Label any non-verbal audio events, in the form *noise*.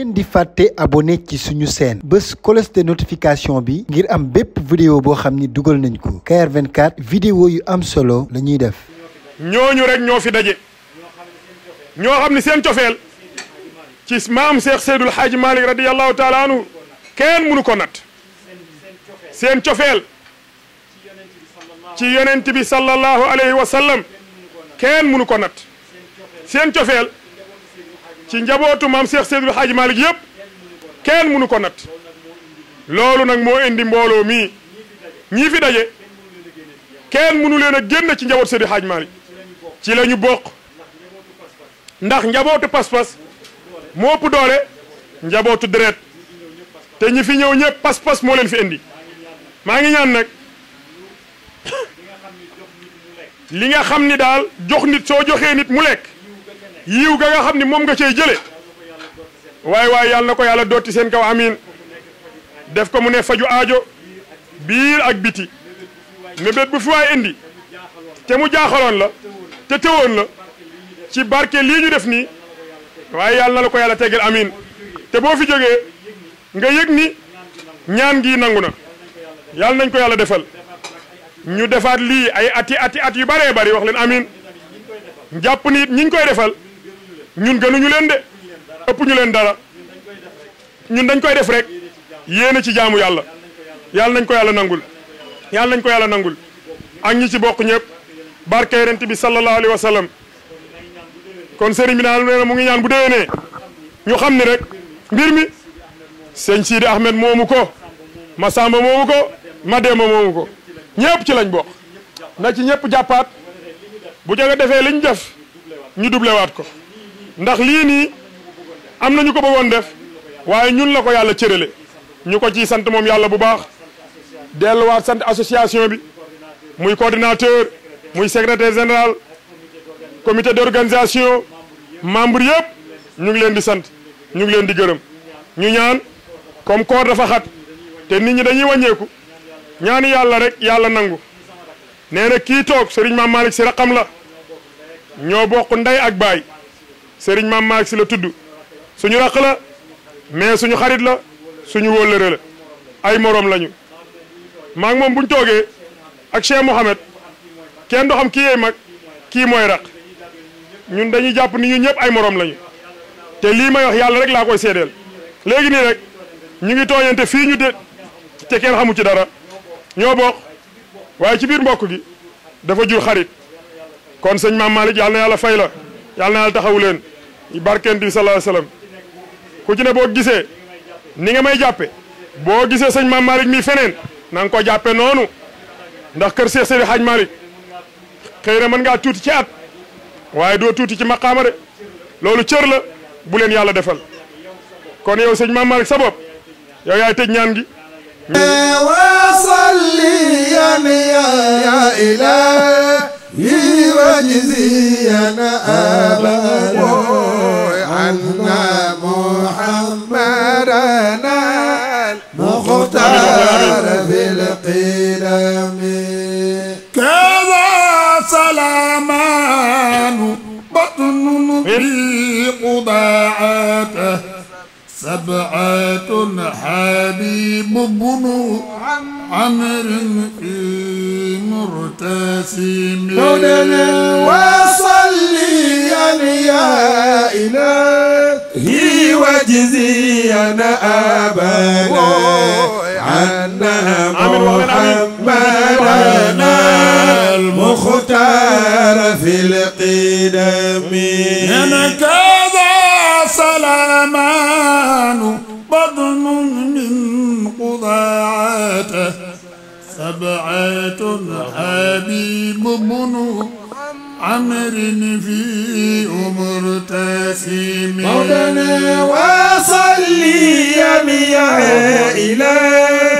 leen di fàtte abonné ci suñu chaîne bés cloche de notification bi ngir am bépp vidéo boo xam ni dugal nañ ko Cayar 24 vidéo yu am solo la ñuy def ñooñu rek ñoo fi daje ñoo xam ne seen cofeel ci maam Cheikh Seydul Haaji malik radiyallahu taala anu kenn mënu ko nat seen cofeel ci yonent bi sallallahu alayhi wa sallam kenn mënu ko nat seen cofeel ci njabootu maam Cheikh Seydil Hadji Malick yëpp kenn mënu ko natt loolu nag moo indi mbooloo mii ñii fi daje kenn mënu leen a génn ci njabootu Seydil Hadji Malick ci la ñu bokk ndax njabootu pas-pas moo ëpp doole njabootu dret te ñi fi ñëw ñëpp pas-pas moo leen fi indi maa ngi ñaan nag *coughs* li nga xam ni daal jox nit soo joxee nit mu lekk yiw ga nga xam ni moom nga cay jële waaye waaye yàlla na ko yàlla dooti seen kaw amiin def ko mu ne faju aajo biir ak biti mébét bu fi waay indi te mu jaaxaloon la te tewoon la ci barke lii ñu def nii waaye yàlla na la ko yàlla tegal amiin te boo fi jógee nga yëg ni ñaan gi nangu na yàlla nañ ko yàlla defal ñu defaat lii ay ati ati at yu baree bari wax leen amiin jàpp ni ñi ñu koy defal ñun ñu leen de ëpp ñu leen dara ñun dañ koy def rek yéene ci jaamu yalla yalla nañ ko yalla nangul yalla nañ ko yalla nangul ak ñi ci bokk ñëpp barke yonent bi sallallahu alaihi wasallam kon sëriñ bi naal mu ngi ñaan bu ñu xamni rek mbir mi Sidi Ahmed moomu ko samba moomu ko Mademba moomu ko ñëpp ci lañ bokk na ci ñëpp jappat bu jëgë liñ def ñu wat ko ndax lii nii am na ñu ko bëggoon def waaye ñun la ko yàlla cërale ñu ko ciy sant moom yàlla bu baax delluwaat sant association bi muy coordinateur muy secrétaire général comité d'organisation membre yëpp ñu ngi leen di sant ñu ngi leen di gërëm ñu ñaan comme koor dafa xat te nit ñi dañuy wàññeeku ñaani yàlla rek yàlla nangu nee na kii toog sëriñ Maam Malick si raqam la ñoo bokk nday ak baay sëriñ maam maag si la tudd suñu raq la mais suñu xarit la suñu wóllëre la ay moroom lañu maag moom buñ toogee ak Cheikh Mouhamed kenn do xam kii yey mag kii mooy raq ñun dañuy jàpp ni ñun ñëpp ay moroom lañu te lii may wax yàlla rek laa koy seedeel léegi nii rek ñu ngi tooñante fii ñu de te kenn xamu ci dara ñoo bokk waaye ci biir mbokk gi dafa jur xarit kon sëñ Maam Malick yàlla na yàlla fay la yàlla na yàlla taxawu leen barkent bi sallallahu alayhi wasallam ku ci ne boo gisee ni nga may jàppe boo gisee sëñ Maam Malick mi feneen na nga ko jàppe noonu ndax kër Seex Seydi Hadj Malick xëy na mën ngaa tuuti ci at waaye doo tuuti ci maqaama de loolu cër la bu leen yàlla defal kon yow sëñ Maam Malick sa bopp yow yaay tëj ñaan gi وصليا يا إلهي وجزيا أبدا الأنوار في القلم كذا سلامان بطن في قضاعته سبعة حبيب بن عمرو في مرتسم وصلي يا إلهي وجزينا أبانا محمدنا المختار في القدم كذا سلامان بطن من قضاعته سبعة حبيب بن عمر في أمر تاسيم مولانا وصلي يا إلهي